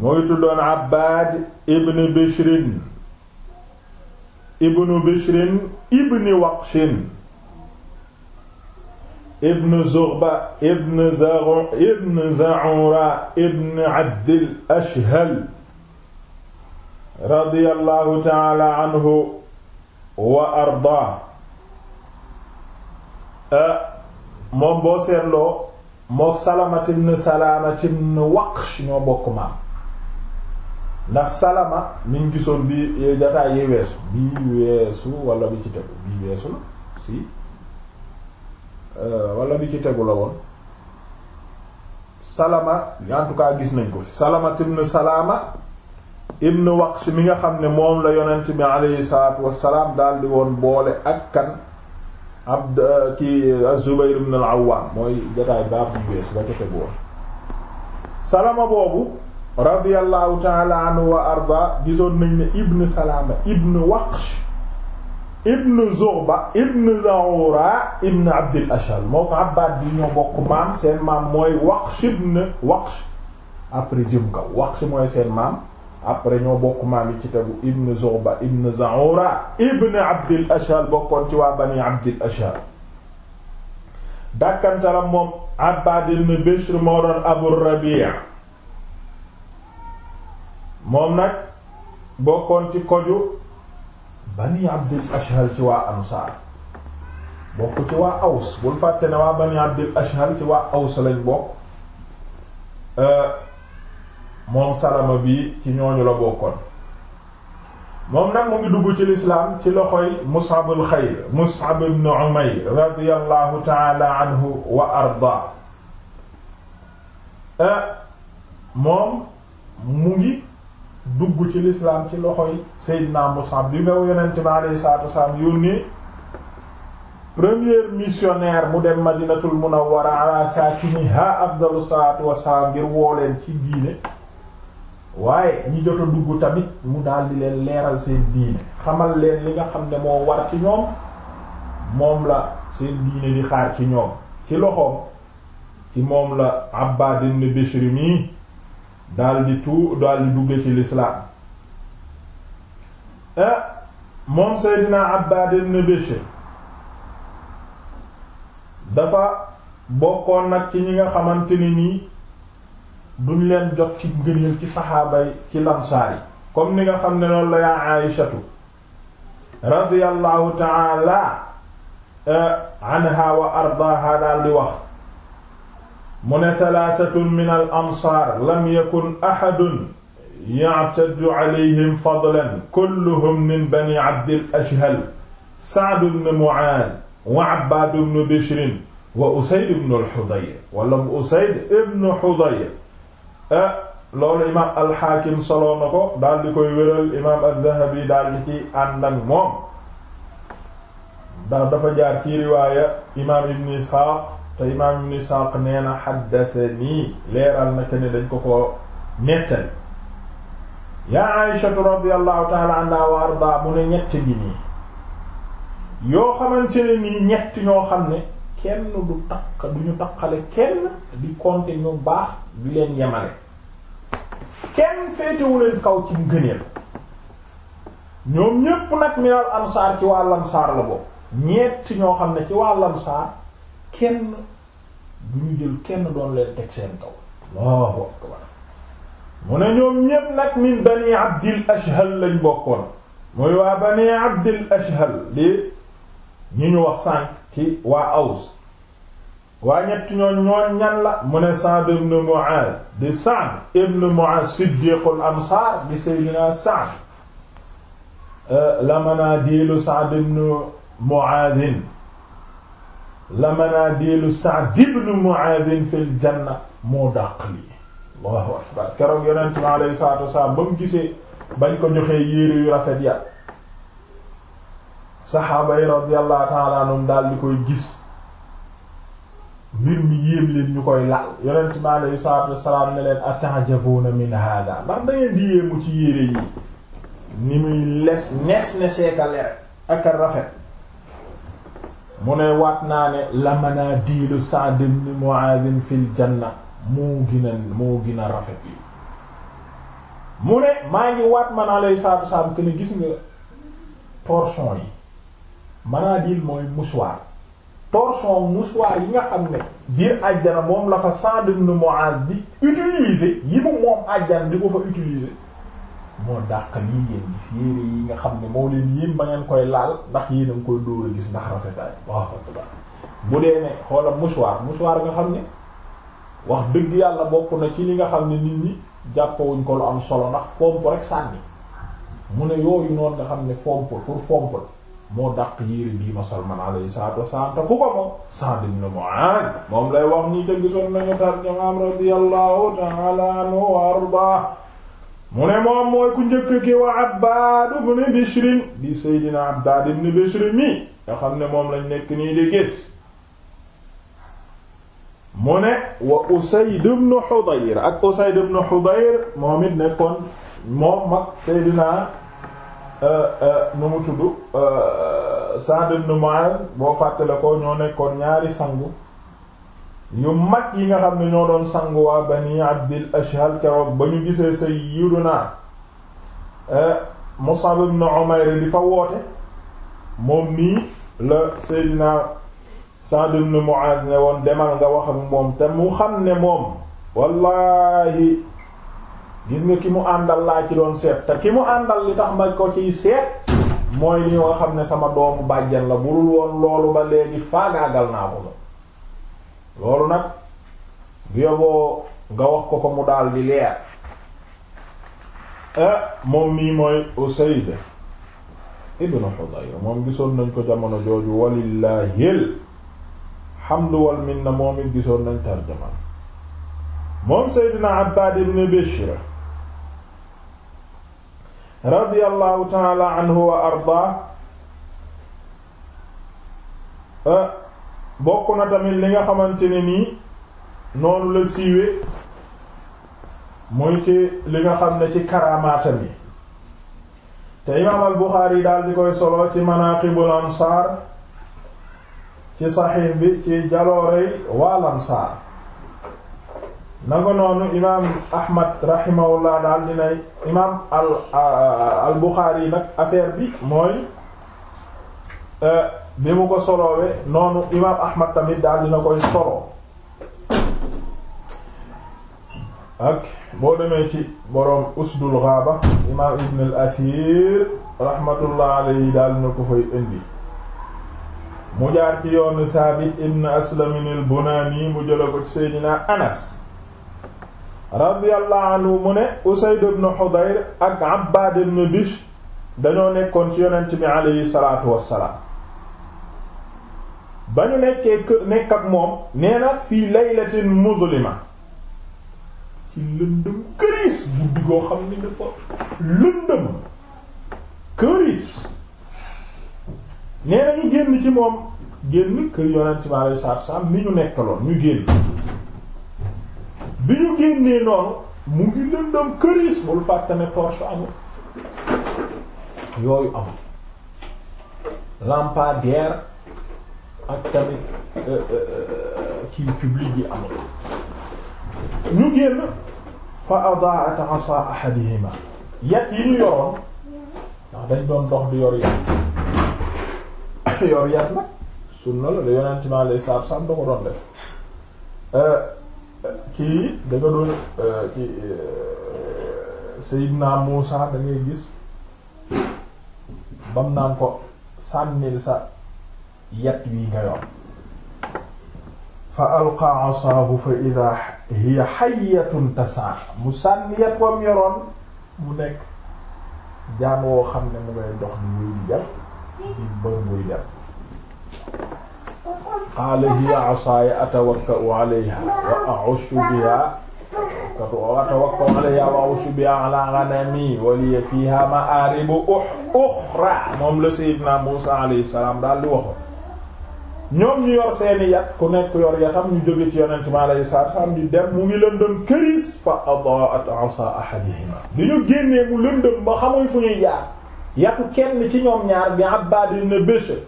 muy tuddoon Abbaad ibn Bishrin ibn Bishrin ibn Waqshin ibn Zughba ibn Za'ura ibn Abdil Ashhal radiyallahu ta'ala anhu wa ardaa moom boo seetloo mook Salama ibn Salama ibn Waqsh ñoo bokk maam ndax salama niñ gisoon bii e, jataay yi weesu bii weesu wala bi ci tegu bii weesu la si e, walla bi ci tegu la woon salama en tout gis nañ ko fi salama ibn salama ibn waqsh mi nga xam ne moom la yonent bi aleyhi salatu wasalaam daal di woon boole ak kan abd e, ki az a ibn al-awwam mooy jataay baab bi weesu ba ca tegu woon salama boobu radiyallahu taala anhu wa arda gisoon nañ ne ibn salaama ibn waqsh ibn zuhba ibn zaura ibn abdil ashal moo ko abbaat bi ñoo bokk maam seen maam mooy waqsh ibn waqsh après jëm kaw waqsh mooy seen maam après ñoo bokk maam yi ci tegu ibn zuhba ibn zaura ibn abdil ashal bokkoon ci waa bani abdil ashal dàkkantaram moom abbaad ibn bishr moo doon abu rabi' moom nag bokkoon ci koju bani abdil ashhal ci waa ansaar bokk ci waa aws bul fàtte ne waa bani abdil ashhal ci waa aws lañ bokk euh, moom salama bi ci ñooñu la bokkoon moom nag mu ngi dugg ci lislaam ci loxoy mus'ab al xayr mus'ab umayr radiyallahu ta'ala anhu wa arda euh, moom mu ngi dugg ci lislaam ci loxo yi loxoy Seydina Musab bi ngaw yonente bi alayhi salaatu wasalaam yónnee premier missionnaire mu dem madinatul munawwara ala saakiniha afdalu salaatu wasalaam ngir woo leen ci diine waaye ñi jot a dugg tamit mu daal leen leeral seen diine xamal leen li nga xam ne moo war ci ñoom moom la seen diine di xaar ci ñoom ci loxoom ci moom la Abbaad ibn Bishr mi daal di tu daal di dugge ci lislaam eh, moom Seydina Abbaad ibn dafa bokkoon nag ci ñi nga xamante ni nii duñ leen jot ci ngëneel ci saxaaba yi ci lansaar yi comme ni nga xam ne loolu la yaa Aïshatu radiyallahu ta'ala eh, anha wa ardaaha daal wax mu ne salaasatun min al ansaar lam yakun ahadun ya'taddu alayhim fadlan kulluhum min bani abdil ashhal saad bnu muaaz wa abbaad bnu bishrin wa usayd bnu al-hudayr wala usayd ibnu hudayr ah loolu imaam alxaakim soloo na ko daal di koy wéral imaam az-zahabi daal di ci ànd ak moom ndax dafa jaar ci riwaaya imaam ibnu isxaaq te imaam ibn Isaaq nee na xaddathanii leeral na ne dañ ko ko nettali yaa Aysatu radiyallahu taala anha wa arda mu ne ñett gi nii yoo xamante ne nii ñett ñoo xam ne kenn du takk duñu takkale kenn di compter ñu baax bi leen yemale kenn féetewu leen kaw ci ngëneel ñoom ñépp nag minal ansaar ci waa lansaar la bokk ñett ñoo xam ne ci waa lansaar kenn du ñu jël kenn doon leen teg seen kaw mu ne ñoom ñépp nag min bani abdil ashhal lañ bokkoon muy waa bani abdil ashhal li ñi ñu wax sànq ci waa aws waa ñett ñoon ñoon ñan la mu ne Sa'd ibn Mu'adh di Sa'd ibn Mu'adh siddiqul ansaar bi sayyidina Sa'd eh, la mën diilu Sa'd ibn Mu'adh la manaadeelu Sa'd ibn Mu'adh fil janna moo dàq lii Allahu akbar keroog yonent mi alayhi salaatu wasalaam ba mu gisee bañ ko joxee yéere yu rafet ya saxaaba yi radiyallahu ta'ala daal di koy gis mbir mi yéem leen ñu koy laal yonent mi alayhi salaatu wasalaam ne leen ata'jabuuna min haadaa ndax da di yéemu ci yéere yi ni muy les nes neseeka leer ak a rafet mu ne waat naa ne la manadilu Sa'd ibn Mu'adh fil janna moo gën a moo gën rafet yi mu ne maa ngi waat man alayhi salaatu wasalaam que ne gis nga torchon yi manadil mooy mouchoir torchon mouchoir yi nga xam ne biir àjjana moom la fa Sa'd ibn Mu'adh bi utilise yi mu moom àjjana di ko fa utiliser moo dàq lii ngeen gis yére yi nga xam ne moo leen yéem ba ngeen koy laal ndax yéen a ngi koy dóor a gis ndax rafetaay waaw bu dee ne xoola mouchoir mouchoir nga xam ne wax dëgg yàlla bokk na ci li nga xam ne nit ñi jàppawuñ ko lu am solo ndax fomp rek sànni mu ne yooyu noonu nga xam ne fomp pour fomp moo dàq yére bii ma sol man alayhi salaatu wasalaam ku ko moom Sa'd ibn Mu'adh moom lay wax nii te gisoon nañu tarjamaam radiyallahu ta'ala anhu wa arda mu ne moom mooy ku njëkk ki wa Abbaad ibn Bishr di Seydina Abbaad ibn Bishr mi nga xam ne moom lañ nekk nii di gis mu ne wa Usayd ibn Hudayr ak Usayd ibn Hudayr moom it nekkoon moom mag Seydina euh, euh, nu mu tudd euh, Sa'd ibn Mu'adh boo fàttale ko ñoo nekkoon ñaari sangu ñu mag yi nga xam ne ñoo doon sangu waa bani abdil ashhal keroog ba ñu gisee sa sayyiduna na eh, ibn Umayr di fa woote moom nii la sayyidina Sa'd ibn Mu'adh ne woon demal nga wax ak moom te mu xam ne moom wallaahi gis nga ki mu àndal laa ci doon seet te ki mu àndal li tax ma ko ciy seet mooy li nga xam ne sama doomu bàjjan la bu dul woon loolu ba léegi faagaagal naa ko loolu nag bu yoboo ko ko mu daal di leer eh, moom mii mooy Usayd ibnu Hudayr moom gisoon nañ ko jamono jooju walillahil hamdu wal minna moom it gisoon nañ tarjaman moom Seydina Abbaad ibn Bishr radiyallahu ta'ala anhu wa ardaa eh, bokk na tamit li nga xamante ne nii noonu la siiwe muy ci li nga xam ne ci karaamaatam yi te imaam al Buxaari daal di koy solo ci manaqibul ansaar ci saxiix bi ci jaloorey waal ansaar nanga noonu imaam Ahmad rahimahullah daal dinay imaam al al Buxaari nag affaire bi mooy euh, bi mu ko solowee noonu imaam ahmad tamit daal dina koy solo ak boo demee ci boroom usdul ghaaba imaam ibn al asiir rahmatullah alayhi daal dina ko fay indi mu jaar ci yoonu saabit ibn aslamin al bunaani mu jëla ko ci seydina anas radiyallahu anhu mu ne usayd ibn hudayr ak abbaad ibn bish dañoo nekkoon ci yonent bi alayhi salaatu wassalaam ba ñu nekkee kër nekk ak moom nee na fii laylatin muzlima ci lëndëm këriis guddi goo xam ne dafa lëndëm këriis nee ñu génn ci moom génn kër yonent bi alayhi salaatu ni ñu nekkaloon ñu génn bi ñu génnee noonu mu ngi lëndëm këriis bul fàtte ne torche amul yooyu amul lampadaire ak tamit euh, euh, euh, kii public yi am ñu génn fa adaa'at asaa ahadihima yat yi ñu yoroon ndax dañ doon dox di yor yat yor yat nag sunna la da yonent mi alayhi salaatu salaam da ko doon def kii da doon kii Seydina Muusa da gis bam naan ko sànnil sa yat wi nga yor fa alqa asaahu fa ida hiya xayatun tasaa mu sànni yat wam yoroon mu nekk jaan woo xam ne mu ngay dox ni muy di dem di bër muy dem qaala hiya asaaya atawakkau alayha wa ahushu biha atawakkau alayha wa ahushu biha ala ghanami wa liya fiha ma'aaribu uxra moom la sayyidina Muusaa alayhi salaam daal di waxoon ñoom ñu yor seeni yat ku nekk yor yatam ñu jóge ci yonent mi alayhi salaatu salaam dem mu ngi lëndëm këriis fa adaa'at asaa ahadihima di ñu génnee mu lëndëm ba xamuñ fu ñuy jaar yatu kenn ci ñoom ñaar bi Abbaad ibn Bishr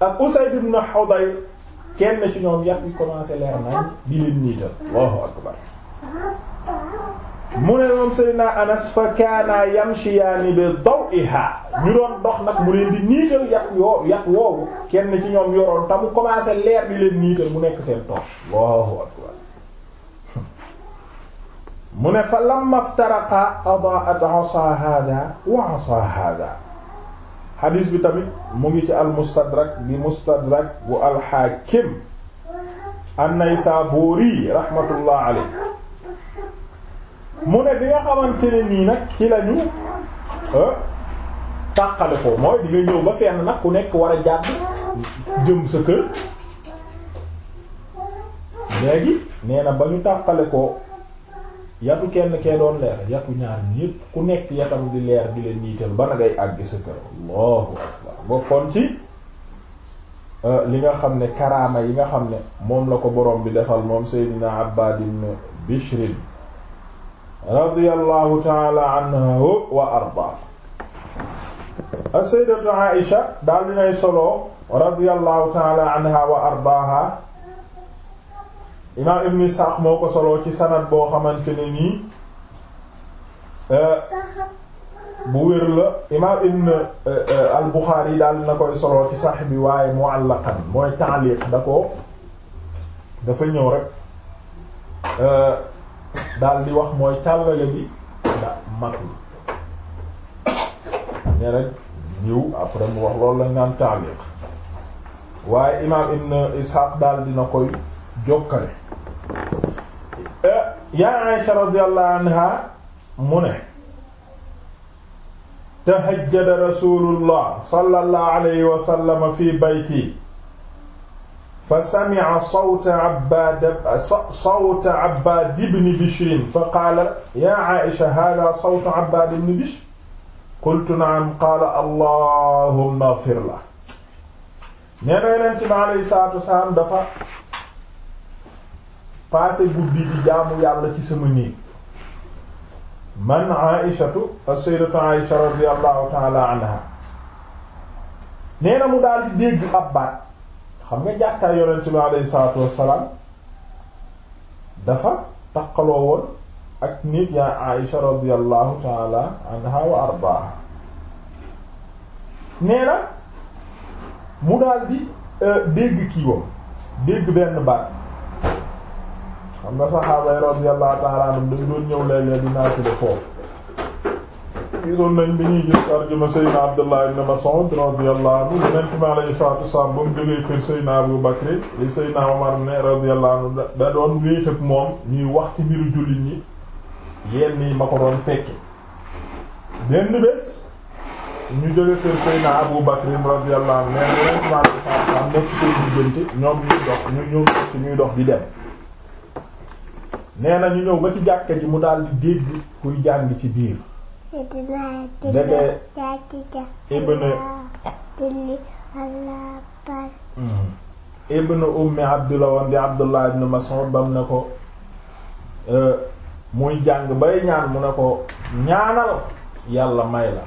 ak Usayd ibn Hudayr kenn ci ñoom yat bi commencé leer nañ di leen niital Allahu akbar mu ne moom Seydina Anas fa kaana yamshiyaani bi dawiha ñu doon dox nag mu leen di niital yàq yoo yàq woowu kenn ci ñoom yoroon te mu commencé leer bi leen niital mu nekk seen torche Allahu akbar mu ne fa lamma iftaraqa adaa'at asaa haadaa wa asaa haadaa hadis bi tamit mu ngi ci al-Mustadrak bi Mustadrak bu al-Haakim an-Naysaabuuri rahmatullah alayhi mu ne bi nga xaman ne nii nag ci la ñu euh, tàqale ko mooy di nga ñëw ba fenn nag ku nekk war a jàdd jëm sa kër léegi nee na ba ñu tàqale ko yatu kenn kee doon leer yatu ñaar ñépp ku nekk yatam di leer di leen niital ba na ngay àgg sa kër allahu akbar bokkoon ci euh, li nga xam ne karaama yi nga xam ne moom la ko borom bi defal moom Seydina Abbad ibn radiyallahu taala wa arda as-sayyidatu Aïsha daal dinay solo radiyallahu taala anha wa ardaha imaam ibn Isxaaq moo ko solo ci sanad boo xamante ne nii eh, bu wér la imaam ibn eh, al daal dina koy solo ci sax bi waaye mu'allaqan mooy ta'liq da ko dafa ñëw rek eh, daal di wax mooy càllale bi da matul ne rek jiw après mu wax loolu lañ naan taaliq waaye imaam ibn Ishaq daal dina koy jokkale eh, yaa Aisha radiyallahu anha mu ne tahajjada rasulullah sallallahu alayhi wa fi bayti fa sami'a sawta Abbaad sawta Abbaad ibn Bishr fa qaala yaa Aïcha haaza sawtu Abbaad ibn Bishr qultu na'am qaala allahumma ighfir lahu nee na Yonent bi alayhi salaatu wa salaam dafa passé guddi di jaamu yàlla ci sama néeg man Aïchatu as-sayyidatu Aïcha radiyallahu ta'ala anha nee na mu daal di dégg Abbaad xam nga jàkkaar yonent bi alayhi salaatu wassalaam dafa taqaloo woon ak nit yaa Aïsha radiyallahu taala anha wa ardaaha nee na mu daal di euh, dégg kii wam dégg benn baat xam nga saxaaba yi radiyallahu taala anhum doon ñëw léeg-léeg di naafile foofu gisoon nañ bi ñuy gis tarjuma Seydina Abdullah ibn Mas'ud radiyallahu anhu Yonent bi alayhi salaatu wassalaam ba mu jógee kër Seydina Abu Bakr li Seydina Omar ne radiyallahu anhu da doon wéet ak moom ñuy wax ci mbiru jullit ñi yenn yi ma ko doon fekke benn bés ñu jóge kër Seydina Abu Bakr radiyallahu anhu mais Yonent bi ci na jàkka ji mu daal di dégg kuy jàng ci biir ndeke ibn ibn ummi abdullah woon di ibn mas'ud bam na ko euh, muy jàng bay ñaan mu ne ko ñaanal yàlla may la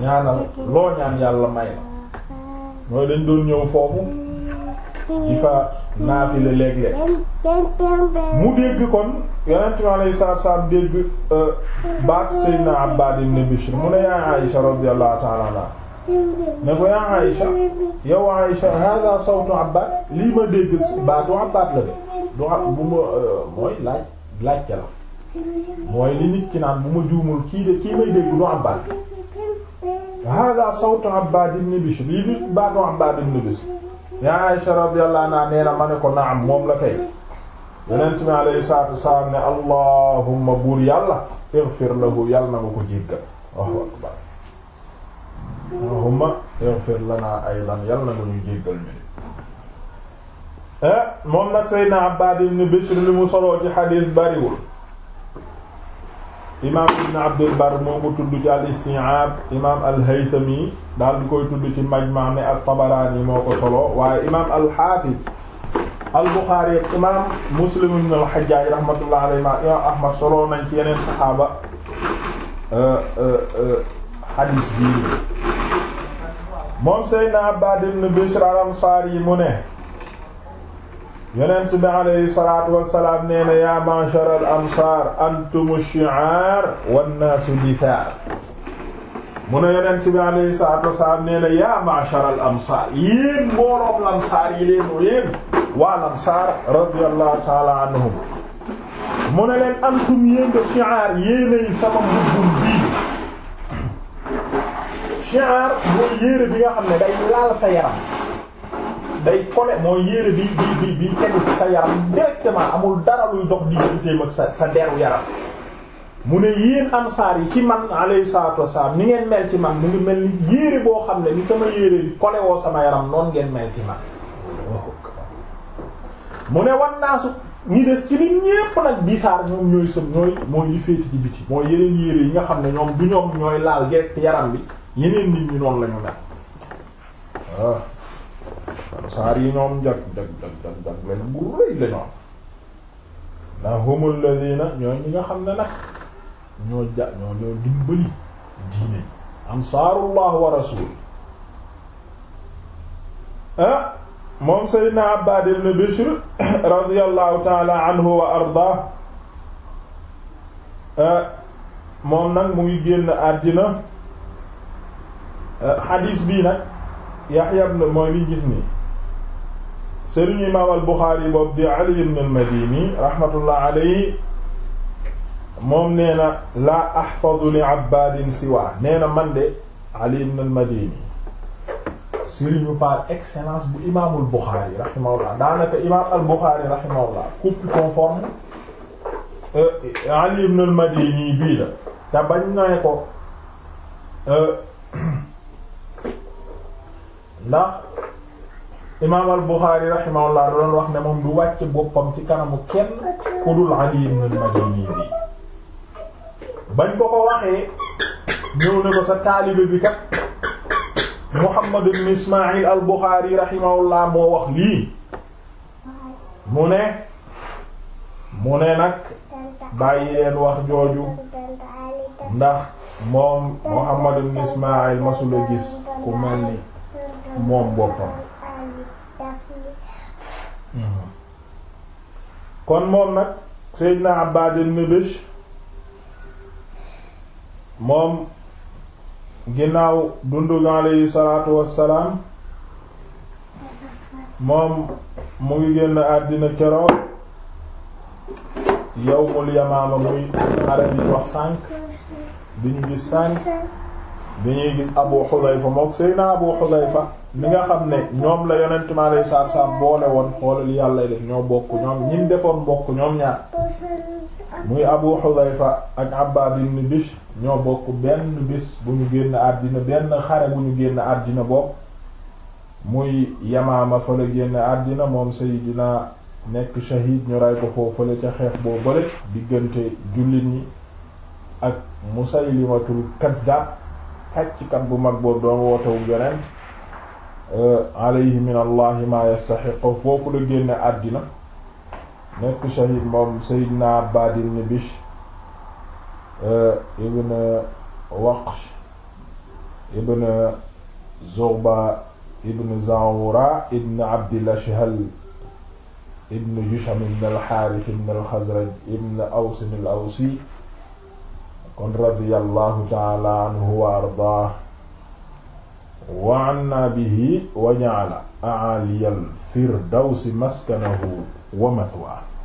ñaanal loo ñaan yàlla may la mooy dañ doon ñëw foofu di fa naafile léeg-léeg mu dégg kon yonent mi alayhi salaatu salaam dégg euh, baat Seydina Abbaad ibn Bishr mu ne yaa Aïsha radiyallahu ta'ala anha ne ko yaa Aïsha yow Aïsha hada sawtu Abbaad lii ma dégg baatu Abbaad la de du ab bu ma euh, mooy laaj laajte la mooy li nit ki naan bu ma juumul kii de kii may dégg du Abbaad hada sawtu Abbaad ibn Bishr lii du baatu Abbaad ibn Bishr yaa Aysa radiyallahu anha nee na ma ne ko naam moom la kay yonent mi alayhi salaatu wasalaam ne allahumma buur yàlla ighfir lahu yàlla na nga ko jéggal Allahu akbar allahumma ighfir lana aydan yàlla na nga ñu jéggal ñu eh, moom nag Seydina Abbaad ibn Bishr li mu soloo ci xadiis bariwul imaam ibn abdul bar moo ko tudd ci al isti'ab imaam al haythami daal di koy tudd ci majma' ne al tabaraani moo ko solo waaye imaam al hafiz al buxaari imaam muslim ibn al hajjaaj rahmatullah alayhi ma imaam ahmad solo nañ ci yeneen saxaaba euh, euh, euh, hadis bii moom seydna abbad ibn bishr al ansaari mu ne yonent bi alayhi salaatu wassalaam nee na yaa ma'shar al ansaar antumu shi'aar wannaasu dithaar mu ne yonent bi alayhi salaatu wassalaam nee na yaa ma'shar al ansaar yéen mbooloom lansaar yi leen u yéen waa lansaar radiyallahu ta'ala anhum mu ne leen antum yéen de shi'aar yéenay sama mbubbum bii shi'aar mooy yére bi nga xam ne day laal sa yaram day collé mooy yére bi bi bi bi tegu ci sa yaram directement amul dara luy dox digganteem ak sa sa deru yaram mu ne yéen ansaar yi ci man alayhi salaatu wasalaam ni ngeen mel ci man mu ngi mel ni yére boo xam ne ni sama yére bi woo sama yaram noonu ngeen mel ci man mu ne wan naa des ci nit ñépp nag bisaar ñoom ñooy sëm ñooy mooy yi féeti ci biti mooy yeneen yére yi nga xam ne ñoom du ñoom ñooy laal direct yaram bi yeneen nit ñi noonu la mel saar yi ñoom jag jag jag jag jag leen bu rëy la ñoom na humul ladina ñoo ñi nga xam ne nag ñoo ja ñoo ñoo dimbali diine ansaarullah wa rasul ah moom seydna Abbaad ibn Bishr radiyallahu taala anhu wa ardaa ah, moom nag mu ngi génn àddina ah, xadiis bii nag Yaxya ibn mooy li gis nii sëriñu imaam al Buxaari boobu di Ali ibn al Madini rahmatullah alayhi moom nee na laa ahfadu li abbaadin siwa man de Ali ibn al Madini sëriñu par excellence bu imaamul Buxaari rahimahullah daanaka imaam al Buxaari rahimahullah couple conforme euh, Ali ibn al Madini bii la te bañ nawe ko euh, ndax imaam al Buxaari rahimahullah doon wax ne moom du wàcc boppam ci kanamu kenn ku dul Ali ibn al-Madini bi bañ ko ko waxee ñëw ne ko sa taalibe bi kat Muhammad ibn Ismaayil al Buxaari rahimahullah moo wax lii mu ne mu ne nag bàyyi leen wax jooju ndax moom Muhammad ibn Ismaayil masula gis ku mel ni moom boppam kon moom nag Seydina Abbaad ibn Bishr moom ginnaaw dundu gi aleyhi salaatu wassalaam moom mu ngi génn àddina keroog yawmul yamaama muy arab yi wax sànk bi ñu gis sànq bi ñuy gis Abu Hudhayfa mook Seydina Abu Hudhayfa mi nga xam ne ñoom la yonent mi alayhi salaatu salaam boole woon xoolal yàlla def ñoo bokk ñoom ñin defoon bokk ñoom ñaar muy Abu Hudhayfa ak Abbad ibn ñoo bokk benn bis bu ñu génn àddina benn xare bu ñu génn àddina bokk muy Yamaama fa la génn àddina moom Seydina nekk shahid ñu ray ko foofale ca xeex boo bële diggante jullit ñi ak Musaylimatul Kaddaab kàcckat bu mag boobu doon wootewu yonent eh, alayhi min allahi ma yastaxiq foofu la génne àddina nekk shahid moom Seydina Abbad ibn Bish eh, ibn Waqsh ibn Zughba ibn Zawra ibn Abdil Ashhal ibn Jusham ibn al-Harith ibn al-Khazraj ibn Aws al-Awsi kon radiyallahu taala anhu wa ardaah wa anna bihi wa ja'ala a'aliyal firdawsi maskanahu wa mathwaahu